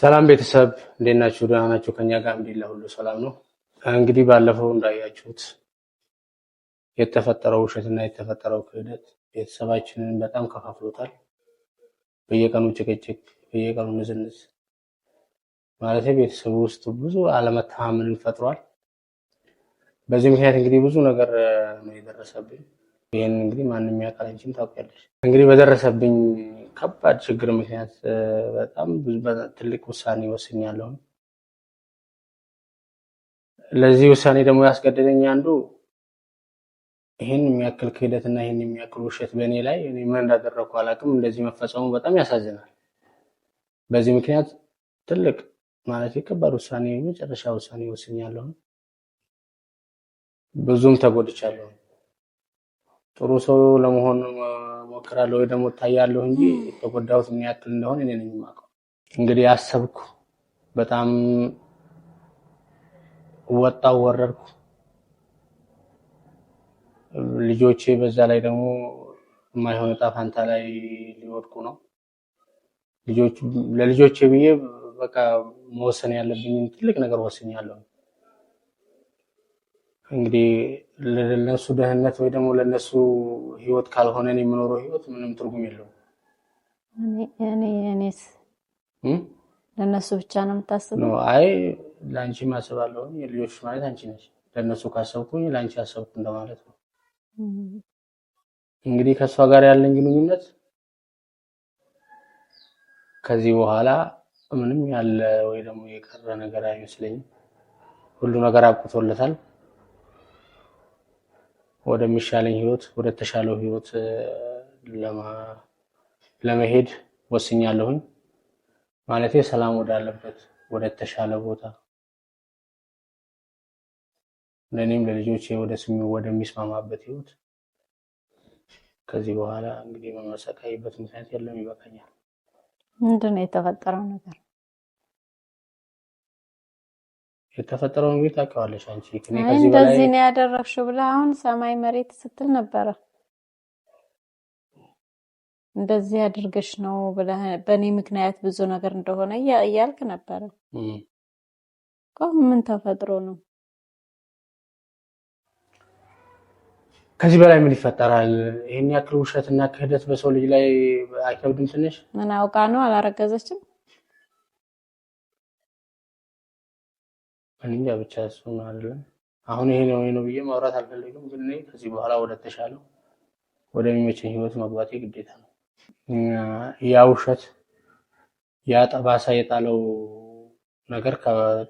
ሰላም ቤተሰብ እንዴት ናችሁ? ደህና ናችሁ? ከኛ ጋር እንዲላ ሁሉ ሰላም ነው። እንግዲህ ባለፈው እንዳያችሁት የተፈጠረው ውሸትና የተፈጠረው ክህደት ቤተሰባችንን በጣም ከፋፍሎታል። በየቀኑ ጭቅጭቅ፣ በየቀኑ ንዝንዝ ማለት ቤተሰቡ ውስጥ ብዙ አለመተማመንን ፈጥሯል። በዚህ ምክንያት እንግዲህ ብዙ ነገር ነው የደረሰብኝ። ይህን እንግዲህ ማንም ያውቃል፣ አንቺም ታውቂያለሽ። እንግዲህ በደረሰብኝ ከባድ ችግር ምክንያት በጣም ትልቅ ውሳኔ ወስኛለሁ። ለዚህ ውሳኔ ደግሞ ያስገደደኝ አንዱ ይህን የሚያክል ክህደት እና ይህን የሚያክል ውሸት በእኔ ላይ እኔ ምን እንዳደረግኩ አላውቅም። እንደዚህ መፈጸሙ በጣም ያሳዝናል። በዚህ ምክንያት ትልቅ ማለት የከባድ ውሳኔ መጨረሻ ውሳኔ ወስኛለሁ። ብዙም ተጎድቻለሁ። ጥሩ ሰው ለመሆን ሞክራለሁ ወይ ደግሞ እታያለሁ እንጂ የተጎዳሁት የሚያክል እንደሆነ እኔ ነኝ የማውቀው። እንግዲህ አሰብኩ፣ በጣም ወጣው ወረድኩ። ልጆቼ በዛ ላይ ደግሞ የማይሆን ዕጣ ፈንታ ላይ ሊወድቁ ነው። ለልጆቼ ብዬ በቃ መወሰን ያለብኝ ትልቅ ነገር ወስኛለሁ። እንግዲህ ለነሱ ደህንነት ወይ ደግሞ ለነሱ ህይወት ካልሆነ የምኖረው ህይወት ምንም ትርጉም የለውም። እኔስ ለእነሱ ብቻ ነው የምታስበው? አይ ለአንቺ ማስባለሁ። የልጆች ማለት አንቺ ነች። ለእነሱ ካሰብኩኝ ለአንቺ ያሰብኩ እንደማለት ነው። እንግዲህ ከእሷ ጋር ያለኝ ግንኙነት ከዚህ በኋላ ምንም ያለ ወይ ደግሞ የቀረ ነገር አይመስለኝም። ሁሉ ነገር አብቅቶለታል። ወደሚሻለኝ ህይወት ወደ ተሻለው ህይወት ለመሄድ ወስኛለሁኝ። ማለቴ ሰላም ወዳለበት ወደ ተሻለ ቦታ ለእኔም ለልጆቼ ወደ ስሚ ወደሚስማማበት ህይወት ከዚህ በኋላ እንግዲህ መመሰቃይበት ምክንያት የለም። ይበቃኛል። ምንድን ነው የተፈጠረው ነገር? የተፈጠረውን ቤት ታውቂዋለሽ አንቺ። እንደዚህ ነው ያደረግሽው ብለህ አሁን ሰማይ መሬት ስትል ነበረ። እንደዚህ አድርገሽ ነው ብለህ በእኔ ምክንያት ብዙ ነገር እንደሆነ እያልክ ነበረ። ቆም ምን ተፈጥሮ ነው? ከዚህ በላይ ምን ይፈጠራል? ይህን ያክል ውሸት እና ክህደት በሰው ልጅ ላይ አይከብድም? ትንሽ ምን አውቃ ነው አላረገዘችም? እንጃ ብቻ እሱ አይደለም። አሁን ይሄ ነው ነው ብዬ ማውራት አልፈልግም፣ ግን እኔ ከዚህ በኋላ ወደ ተሻለው ወደሚመቸኝ ህይወት መግባቴ ግዴታ ነው። ያ ውሸት፣ ያ ጠባሳ የጣለው ነገር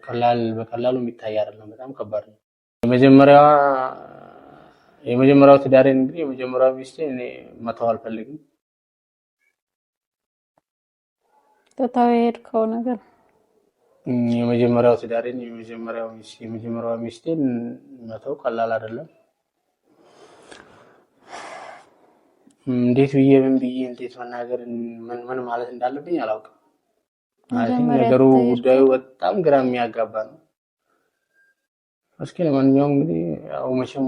ቀላል በቀላሉ የሚታይ አይደለም። በጣም ከባድ ነው። የመጀመሪያ የመጀመሪያው ትዳሬን እንግዲህ የመጀመሪያው ሚስቴ እኔ መተው አልፈልግም። ትተኸው የሄድከው ነገር የመጀመሪያው ትዳሬን የመጀመሪያው ሚስቴን መተው ቀላል አይደለም። እንዴት ብዬ ምን ብዬ እንዴት መናገር ምን ማለት እንዳለብኝ አላውቅም። ነገሩ ጉዳዩ በጣም ግራ የሚያጋባ ነው። እስኪ ለማንኛውም እንግዲህ ያው መቼም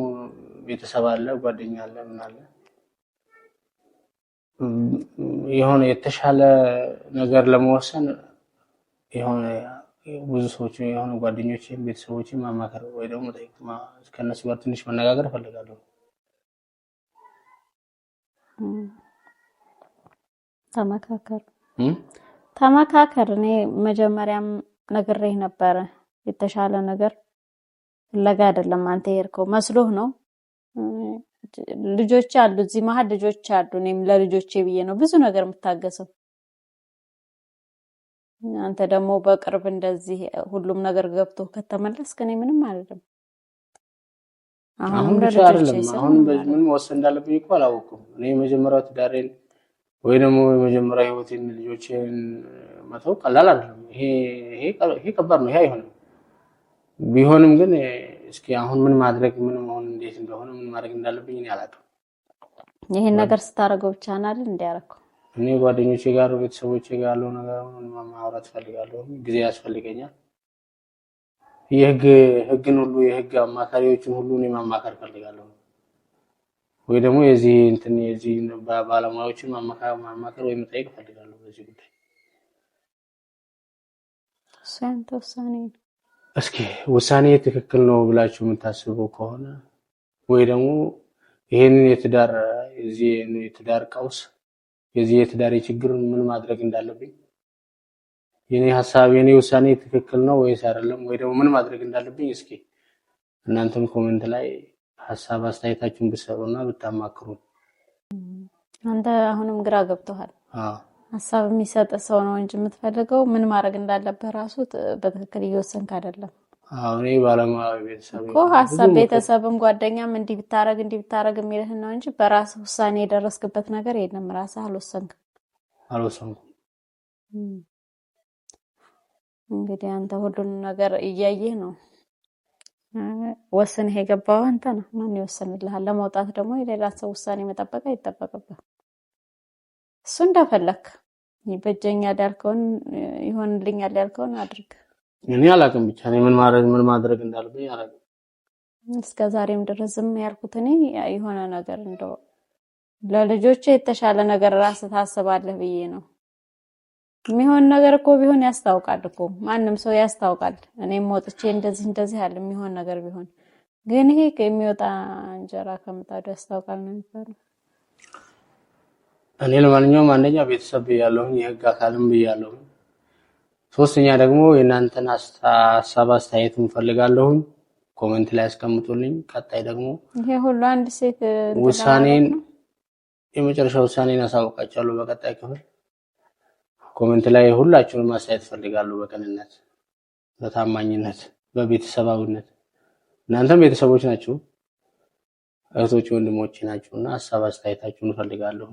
ቤተሰብ አለ፣ ጓደኛ አለ፣ ምን አለ የሆነ የተሻለ ነገር ለመወሰን የሆነ ብዙ ሰዎች የሆኑ ጓደኞች፣ ቤተሰቦች ማማከር ወይ ደግሞ ከእነሱ ጋር ትንሽ መነጋገር እፈልጋለሁ። ተመካከር ተመካከር። እኔ መጀመሪያም ነግሬህ ነበረ። የተሻለ ነገር ፍለጋ አይደለም አንተ የሄድከው መስሎህ ነው። ልጆች አሉ፣ እዚህ መሀል ልጆች አሉ። እኔም ለልጆቼ ብዬ ነው ብዙ ነገር የምታገሰው አንተ ደግሞ በቅርብ እንደዚህ ሁሉም ነገር ገብቶ ከተመለስክ እኔ ምንም አይደለም። አሁን ብቻ አይደለም አሁን ምን መወሰን እንዳለብኝ እኮ አላወቅኩም። እኔ የመጀመሪያው ትዳሬን ወይ ደግሞ የመጀመሪያ ህይወቴን ልጆቼን መተው ቀላል አይደለም። ይሄ ከባድ ነው። ይሄ አይሆንም። ቢሆንም ግን እስኪ አሁን ምን ማድረግ ምን መሆን እንዴት እንደሆነ ምን ማድረግ እንዳለብኝ እኔ አላውቅም። ነገር ስታደርገው ብቻ ናድን እንዲያረግኩ እኔ ጓደኞቼ ጋር ቤተሰቦቼ ጋር ያለው ነገር ማውራት ፈልጋለሁ። ጊዜ ያስፈልገኛል። የህግ ህግን ሁሉ የህግ አማካሪዎችን ሁሉ እኔ ማማከር ፈልጋለሁ ወይ ደግሞ የዚህ እንትን የዚህ ባለሙያዎችን ማማከር ወይ መጠየቅ ፈልጋለሁ። በዚህ ጉዳይ። ስንት ውሳኔ እስኪ ውሳኔ ትክክል ነው ብላችሁ የምታስቡ ከሆነ ወይ ደግሞ ይህንን የትዳር የዚህ የትዳር ቀውስ የዚህ የትዳሬ ችግር ምን ማድረግ እንዳለብኝ የኔ ሀሳብ የኔ ውሳኔ ትክክል ነው ወይስ አይደለም፣ ወይ ደግሞ ምን ማድረግ እንዳለብኝ እስኪ እናንተም ኮሜንት ላይ ሀሳብ አስተያየታችሁን ብትሰሩና ብታማክሩ። አንተ አሁንም ግራ ገብተሃል። ሀሳብ የሚሰጥ ሰው ነው እንጂ የምትፈልገው ምን ማድረግ እንዳለብህ ራሱ በትክክል እየወሰንክ አይደለም። እኔ ባለሙያ ቤተሰብ እኮ ሀሳብ ቤተሰብም ጓደኛም እንዲህ ብታረግ እንዲህ ብታረግ የሚልህን ነው እንጂ በራስ ውሳኔ የደረስክበት ነገር የለም። ራስህ አልወሰንክም። አልወሰንኩም። እንግዲህ አንተ ሁሉን ነገር እያየህ ነው ወስንህ የገባው አንተ ነው። ማን ይወስንልሃል? ለመውጣት ደግሞ የሌላ ሰው ውሳኔ መጠበቅ አይጠበቅብህ። እሱ እንደፈለክ ይበጀኛል ያልከውን ይሆንልኛል ያልከውን አድርግ። እኔ አላቅም ብቻ ምን ማድረግ ምን ማድረግ እንዳለብኝ እስከ ዛሬም ድረስ ዝም ያልኩት እኔ የሆነ ነገር እንደው ለልጆች የተሻለ ነገር ራስ ታስባለህ ብዬ ነው። የሚሆን ነገር እኮ ቢሆን ያስታውቃል እኮ ማንም ሰው ያስታውቃል። እኔም ወጥቼ እንደዚህ እንደዚህ አለ የሚሆን ነገር ቢሆን ግን ይሄ የሚወጣ እንጀራ ከምጣዱ ያስታውቃል ነው የሚባለው። እኔ ለማንኛውም አንደኛ ቤተሰብ ብያለሁኝ፣ የህግ አካልም ብያለሁኝ ሶስተኛ ደግሞ የእናንተን ሀሳብ አስተያየት እንፈልጋለሁኝ። ኮመንት ላይ አስቀምጡልኝ። ቀጣይ ደግሞ ይሄ ሁሉ አንድ ሴት ውሳኔን የመጨረሻ ውሳኔን አሳውቃቸዋለሁ በቀጣይ ክፍል። ኮመንት ላይ ሁላችሁንም ማስተያየት እፈልጋለሁ። በቅንነት፣ በታማኝነት፣ በቤተሰባዊነት እናንተም ቤተሰቦች ናችሁ፣ እህቶች ወንድሞች ናችሁና ሀሳብ አስተያየታችሁን እፈልጋለሁ።